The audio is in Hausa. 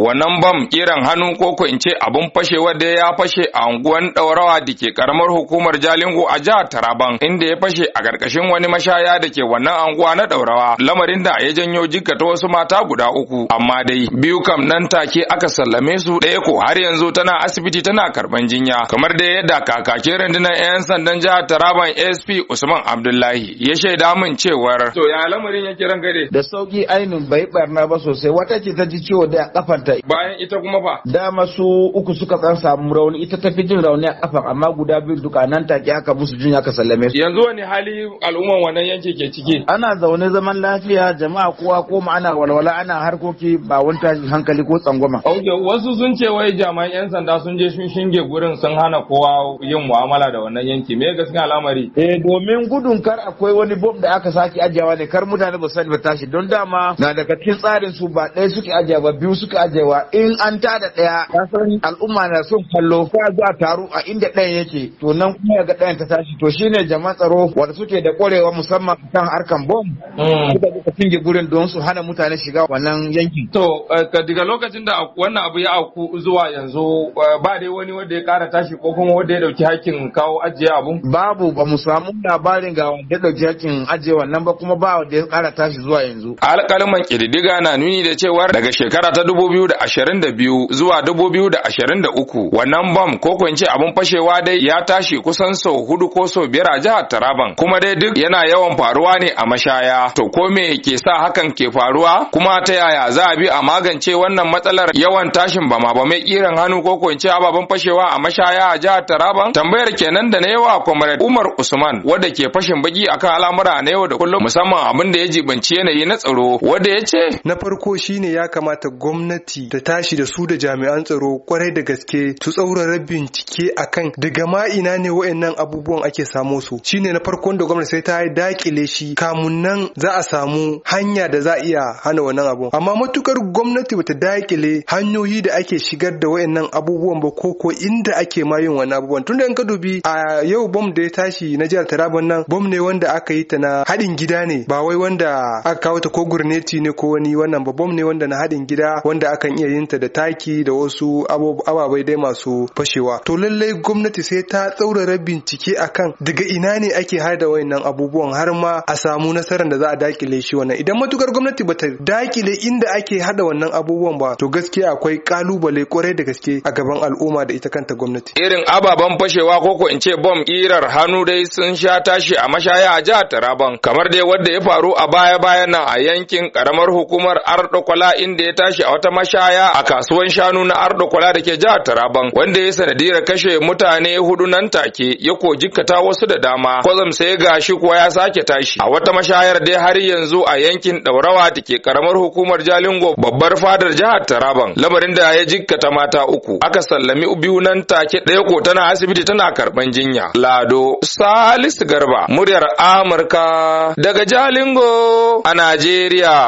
Wannan bam kiran hannu ko ko in ce abin fashewar da ya fashe a unguwan Daurawa da ke karamar hukumar Jalingo a jihar Taraban inda ya fashe a ƙarƙashin wani mashaya da ke wannan unguwa na Daurawa lamarin da ya janyo jikkata wasu mata guda uku amma dai biyu kam nan take aka sallame su ɗaya ko har yanzu tana asibiti tana karban jinya kamar da yadda kakakin rundunar 'yan sandan jihar Taraban SP Usman Abdullahi ya shaida min cewar to ya lamarin yake rangade da sauki ainihin bai barna ba sosai wata ce ta ji ciwo da kafar ta bayan ita kuma ba dama su uku suka san samu rauni ita ta fi jin rauni a kafa amma guda biyu duka nan take aka musu jin aka sallame su yanzu wani hali al'umman wannan yanke ke ciki ana zaune zaman lafiya jama'a kowa ko ana walwala ana harkoki ba wani tashi hankali ko tsangwama ok wasu sun ce wai jami'an yan sanda sun je sun shinge gurin sun hana kowa yin mu'amala da wannan yanki me gaskiya al'amari eh domin gudun kar akwai wani bomb da aka saki ajiyawa ne kar mutane ba su sani ba tashi don dama na daga cikin tsarin su ba ɗaya suke ajiya ba biyu suke ajiya cewa in an ta da ɗaya al'umma na son kallo ko za a taru a inda ɗayan yake to nan kuma ya ga ɗayan ta tashi to shine jama'an tsaro wanda suke da ƙwarewa musamman kan harkan bom hmm. suka suka finge gurin don su hana mutane shiga wannan yankin. To eh, daga lokacin da wannan abu ya auku zuwa yanzu eh, ba dai wani wanda ya ƙara tashi ko kuma wanda ya ɗauki hakkin kawo ajiye abu? Babu ba mu samu labarin ga wanda ya ɗauki hakkin ajiye wannan ba kuma ba wanda ya ƙara tashi zuwa yanzu. Alƙalin man na nuni da cewa daga shekara ta dubu biyu biyu zuwa uku, wannan bom ko ce abin fashewa dai ya tashi kusan sau hudu ko sau biyar a jihar Taraban kuma dai duk yana yawan faruwa ne a mashaya to ko me ke sa hakan ke faruwa kuma ta yaya za a bi a magance wannan matsalar yawan tashin bama ba mai kiran hannu ko ce ababen fashewa a mashaya a jihar Taraban tambayar kenan da na yawa comrade Umar Usman wanda ke fashin baki akan al'amura na yau da kullum musamman abin da ya jibanci yanayi na tsaro wanda ya ce na farko shine ya kamata gwamnati gwamnati ta tashi da su da jami'an tsaro kwarai da gaske su tsaurara bincike akan daga ma ina ne wa'annan abubuwan ake samo su shine na farkon da gwamnati sai ta yi dakile shi kamun nan za a samu hanya da za a iya hana wannan abu amma matukar gwamnati bata dakile hanyoyi da ake shigar da wa'annan abubuwan ba ko ko inda ake ma yin wannan abubuwan tunda in ka dubi a yau bom da ya tashi na jihar Taraban nan bom ne wanda aka yi ta na haɗin gida ne ba wai wanda aka kawo ta ko gurneti ne ko wani wannan ba bom ne wanda na haɗin gida wanda aka akan iya yin ta da taki da wasu ababai dai masu fashewa to lallai gwamnati sai ta tsaurara bincike akan daga ina ne ake har da wayannan abubuwan har ma a samu nasarar da za a dakile shi wannan idan matukar gwamnati ba ta dakile inda ake hada wannan abubuwan ba to gaskiya akwai kalubale kwarai da gaske a gaban al'umma da ita kanta gwamnati irin ababen fashewa ko ko in ce bom kirar hannu dai sun sha tashi a mashaya a jihar Taraban kamar dai wanda ya faru a baya bayan nan a yankin karamar hukumar Ardokwala inda ya tashi a wata mashaya mashaya a kasuwan shanu na Ardo Kwala da ke jihar Taraban wanda ya sanadiyar kashe mutane hudu nan take ya ko jikkata wasu da dama kwazam sai gashi kuwa ya sake tashi a wata mashayar dai har yanzu a yankin Daurawa take karamar hukumar Jalingo babbar fadar jihar Taraban lamarin da ya jikkata mata uku aka sallami biyu nan take daya ko tana asibiti tana karban jinya Lado Salisu Garba muryar Amurka daga Jalingo a Najeriya